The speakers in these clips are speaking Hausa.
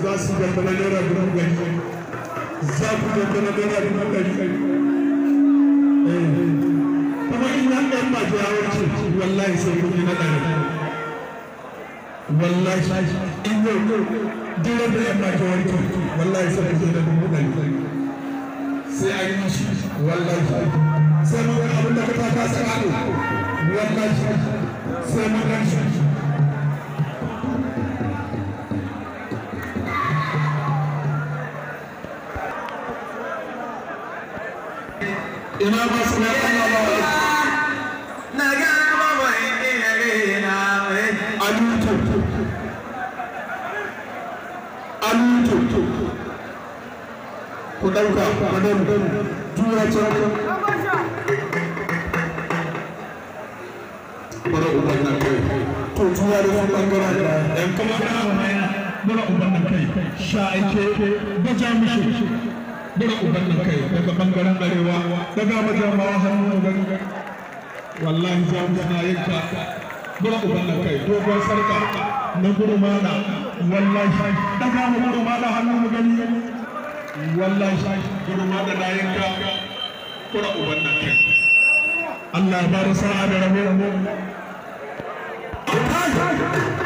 za su gaba na naira dubu gari za ku naira gari kuma ɗan wallahi sai yi na ɗari duk da yamma ke wanke wallahi sai ke da dubu ɗari sai an yi shi wallahi sai mun gani abin da ka taka sai wallahi sai mun gani shi ina ba su ne ba na ga mai ina rena mai alutu ku ɗauka madam tura can bara uban nan kai to tura da su ɓangaren da bara uban nan kai sha ake baja mishi bara uban nan kai daga arewa daga majamawa hannu wallahi za mu yanka bara uban nan kai dogon sarka na gurmana wallahi daga mu gurmana hannu mu gani wallahi shashi girma da layin ka kura uban nan kai Allah ya bada sa'a da rabo rabo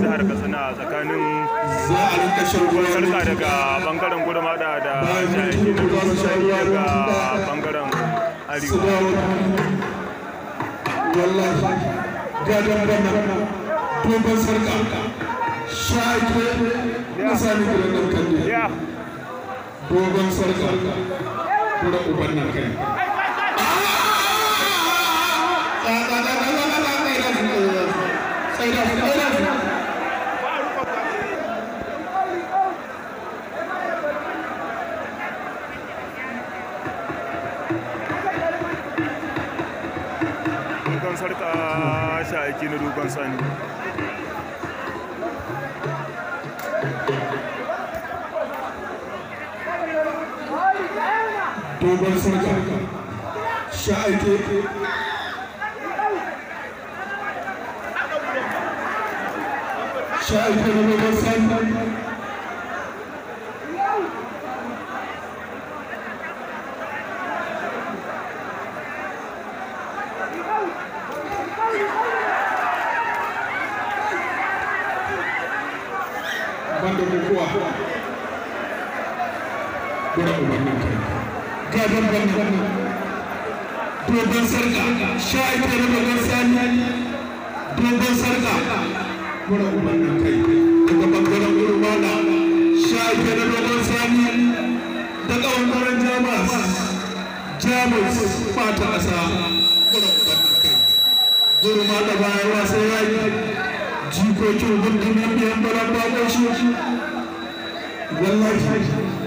jihar katsina tsakanin sarka daga bangaren gudumada da jayaki na daga bangaren arewa wallahi gadon bana dogon sarka shaike na sami gudanar kalli dogon sarka kuma uban kai yake dogon sarka Sha ake da dogon sani dogon sarka kura uban nan kai daga bangaren Sha ake da dogon sani daga bangaren jamus jamus fata asa kura uban nan kai urmana bayan wasan yayi jikokin gudun nan biyan balan bakon shi wallahi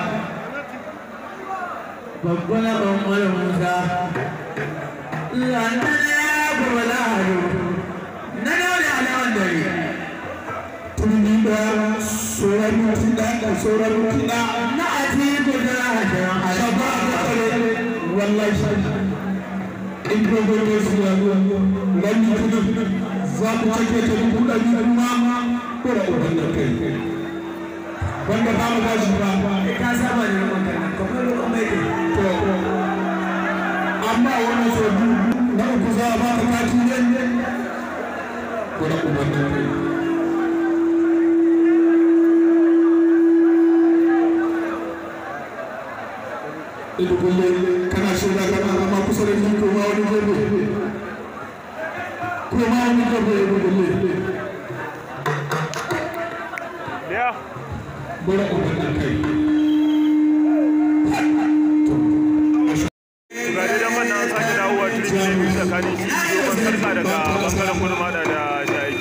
babbala bambala musa nana ya babbala hado na dole alawan dare turbi ba sauran mutum da aka sauran mutum da na aji gudana a jiran alaba a kakare wallahi shashi in gogogo su ya wanda ba mu ba shi ba ka saba da magana kamar mai to amma wani so na uku za a ba ka kati ne ko da ubangiji ido kulle kana shirya kana amma kusa da ni ko ma wani gobe ko ma wani gobe ido kulle na ku haɗa kai tsakanin shi dogon daga bangaren kudu da shaiki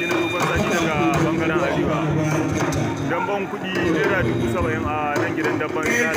na dogon sarki daga bangaren arewa damban kuɗi naira dubu saba'in a nan gidan dabban jihar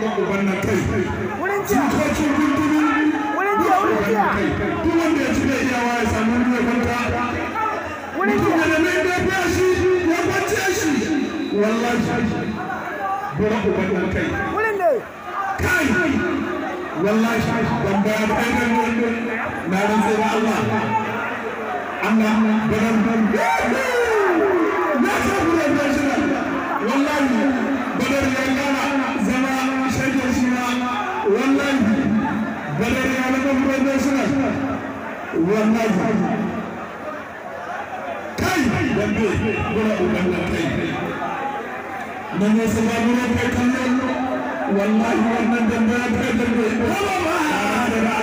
uwan uban nan kai wurin jiya wurin jiya wurin jiya duk wanda ya ci da iyawa ya samu wani kwanta wurin jiya da mai shi ya kwance shi wallahi uban kai wurin kai wallahi ban ba da na Allah Allah ban da shi wallahi wallahi kai kai wannan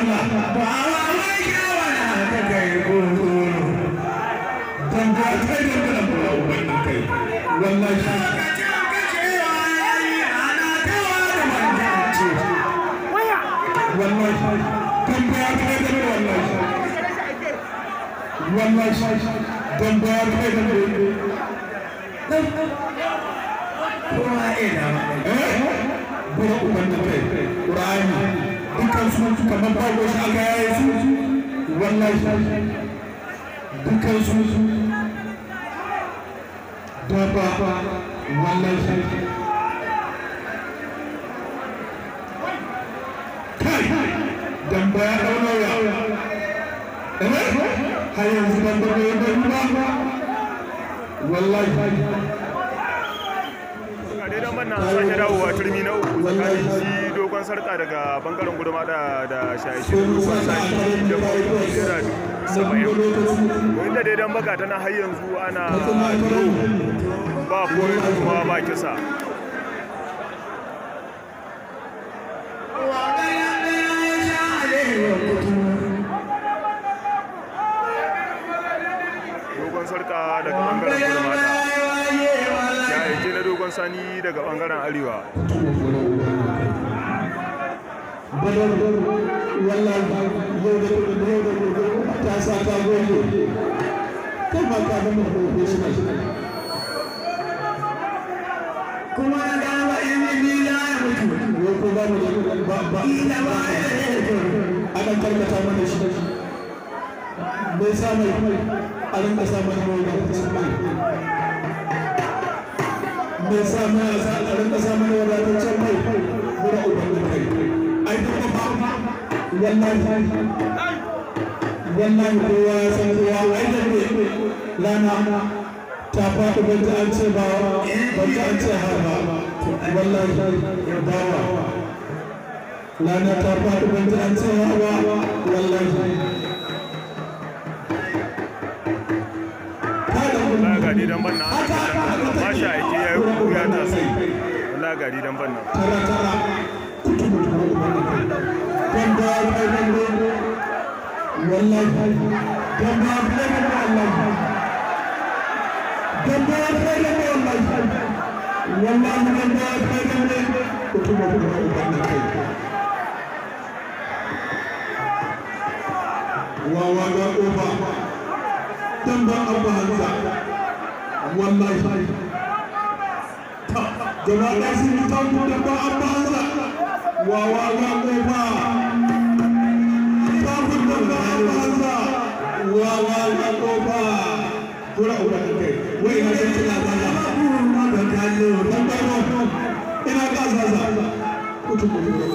a Allah a ta kai wallahi ban ba ya kai da kai kuma eh da ma da kai qur'ani dukkan su ba go shi aka yayi su wallahi dukkan su da ba wallahi kai dan ba ya har yanzu ban da bai wallahi turmi na uku tsakanin shi dogon sarka daga bangaren guduma da da da baka tana har yanzu ana ba ba kisa arewa kuma na dama mmi na bai a rinka mai mai sa ma ya sa tsarin ƙasa mana wadataccen mai muna kai ai duk ba wallahi wallahi kowa ya san kowa ai da lana ta faɗi banta an ce ba banta an ce har ba wallahi dawa lana ta faɗi banta an ce har ba wallahi lagari dan ban nan wallahi jama'a sun yi tanko da ba a baza wawa ga kofa tafin da ba a baza wawa ga kofa kura kura da kai wai na san kina baza ba ta yi yau dan ina ka zaza kutu kutu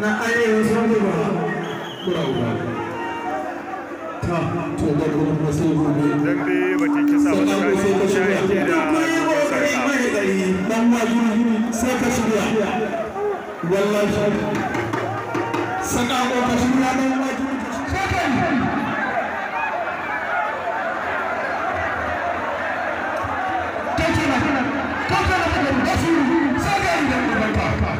na ta ta Thank you.